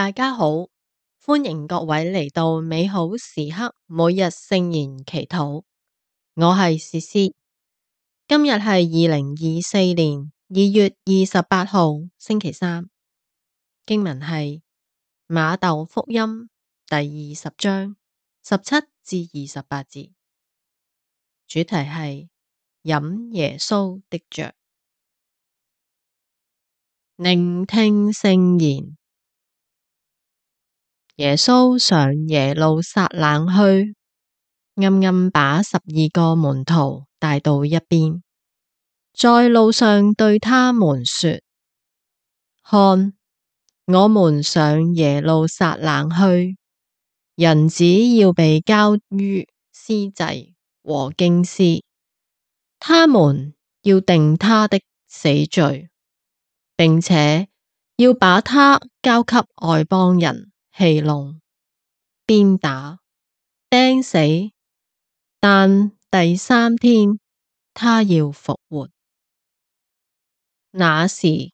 大家好，歡迎各位嚟到美好時刻每日聖言祈禱。我係詩詩，今日係二零二四年二月二十八號星期三。經文係瑪竇福音第二十章十七至二十八節，主題係飲耶穌的爵，聆聽聖言。耶穌上耶路撒冷去，暗暗把十二個門徒帶到一邊，在路上對他們說：看，我們上耶路撒冷去，人子要被交於司祭和經師，他們要定他的死罪，並且要把他交給外邦人。戲弄鞭打釘死，但第三天他要復活。那時，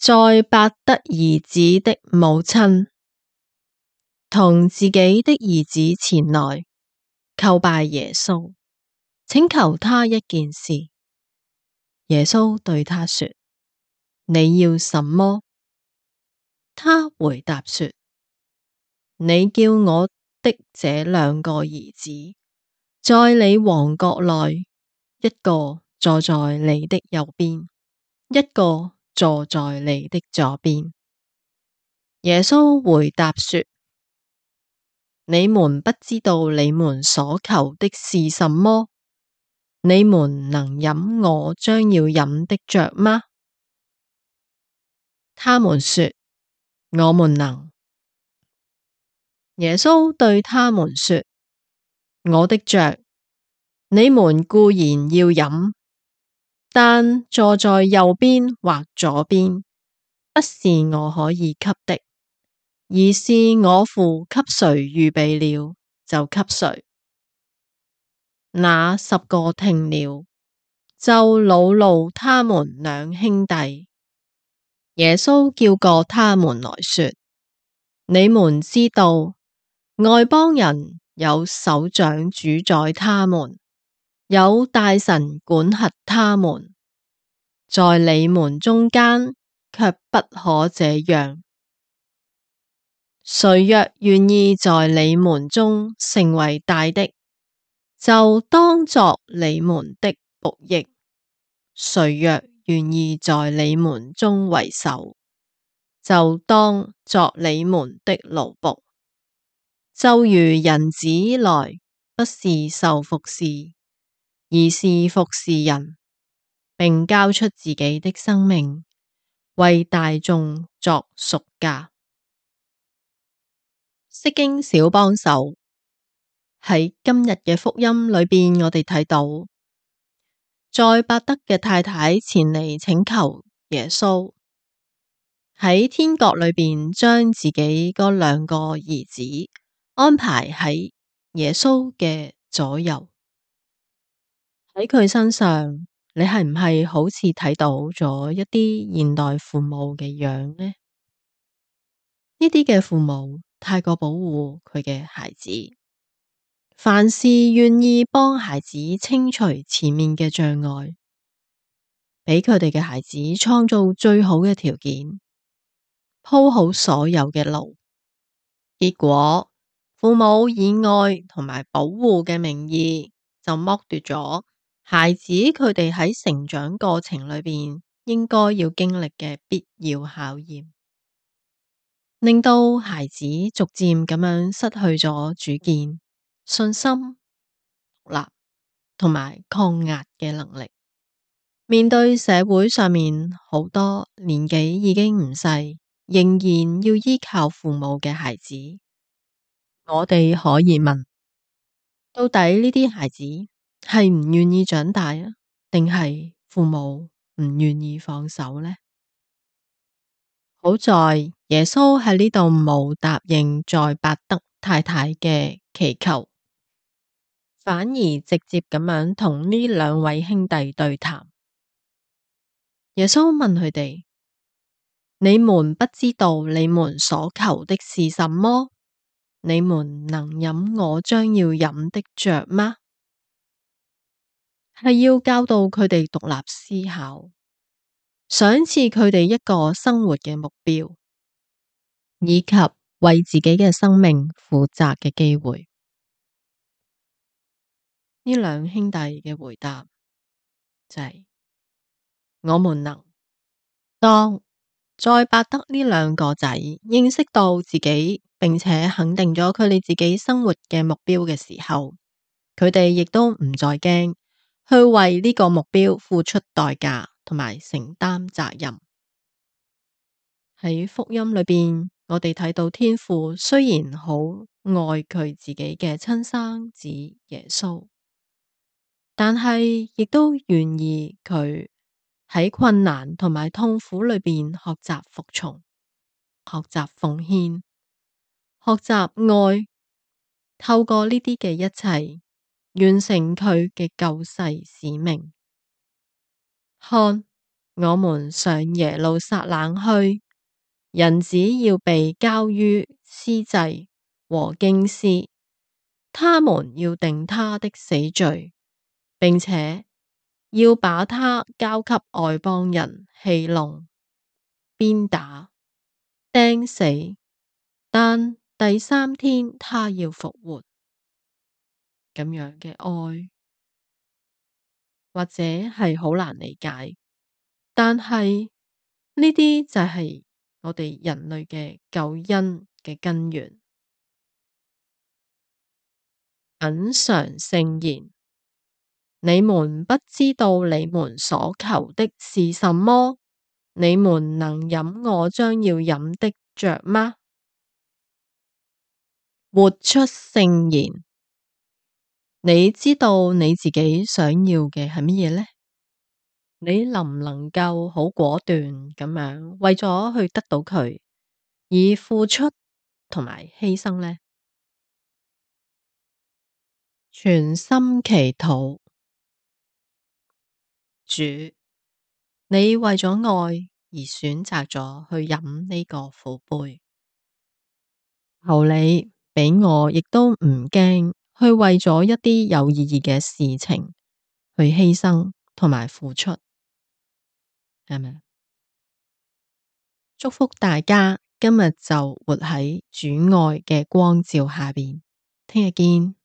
載伯德兒子的母親同自己的兒子前來叩拜耶穌，請求他一件事。耶穌對他說：你要什麼？他回答說：你叫我的這兩個兒子在你王國內，一個坐在你的右邊，一個坐在你的左邊。耶穌回答說：你們不知道你們所求的是什麼？你們能飲我將要飲的爵嗎？他們說。我們能，耶穌對他們說：我的爵，你們固然要飲，但坐在右邊或左邊，不是我可以給的，而是我父給誰預備了就給誰。那十個聽了，就惱怒他們兩兄弟。耶穌叫過他們來說：你們知道，外邦人有首長主宰他們，有大臣管轄他們，在你們中間卻不可這樣。誰若願意在你們中成為大的，就當作你們的僕役。誰若願意在你們中為首，就當作你們的奴僕。就如人子來，不是受服侍，而是服侍人，並交出自己的生命，為大眾作贖價。釋經小幫手，喺今日嘅福音裏邊，我哋睇到。載伯德嘅太太前嚟請求耶穌喺天國裏邊將自己嗰兩個兒子安排喺耶穌嘅左右。喺佢身上，你係唔係好似睇到咗一啲現代父母嘅樣呢？呢啲嘅父母太過保護佢嘅孩子。凡事願意幫孩子清除前面嘅障礙，畀佢哋嘅孩子創造最好嘅條件，鋪好所有嘅路。結果父母以愛同埋保護嘅名義，就剝奪咗孩子佢哋喺成長過程裏邊應該要經歷嘅必要考驗，令到孩子逐漸咁樣失去咗主見。信心、獨立同埋抗壓嘅能力，面對社會上面好多年紀已經唔細，仍然要依靠父母嘅孩子，我哋可以問：到底呢啲孩子係唔願意長大啊，定係父母唔願意放手呢？好在耶穌喺呢度冇答應載伯德太太嘅祈求。反而直接咁樣同呢兩位兄弟對談。耶穌問佢哋：你們不知道你們所求的是什麼？你們能飲我將要飲的爵嗎？係要教導佢哋獨立思考，賞賜佢哋一個生活嘅目標，以及為自己嘅生命負責嘅機會。呢兩兄弟嘅回答就係、是：我們能。當載伯德呢兩個仔認識到自己，並且肯定咗佢哋自己生活嘅目標嘅時候，佢哋亦都唔再驚去為呢個目標付出代價同埋承擔責任。喺福音裏邊，我哋睇到天父雖然好愛佢自己嘅親生子耶穌。但係亦都願意佢喺困難同埋痛苦裏邊學習服從、學習奉獻、學習愛。透過呢啲嘅一切，完成佢嘅救世使命。看，我們上耶路撒冷去，人子要被交於司祭和經師，他們要定他的死罪。並且要把他交給外邦人戲弄、鞭打、釘死，但第三天他要復活。咁樣嘅愛，或者係好難理解，但係呢啲就係我哋人類嘅救恩嘅根源。品嚐聖言。你們不知道你們所求的是什麼？你們能飲我將要飲的爵嗎？活出聖言，你知道你自己想要嘅係乜嘢呢？你能唔能夠好果斷咁樣為咗去得到佢而付出同埋犧牲呢？全心祈禱。主，你為咗愛而選擇咗去飲呢個苦杯，求你畀我亦都唔驚去為咗一啲有意義嘅事情去犧牲同埋付出。阿們，祝福大家今日就活喺主愛嘅光照下邊，聽日見。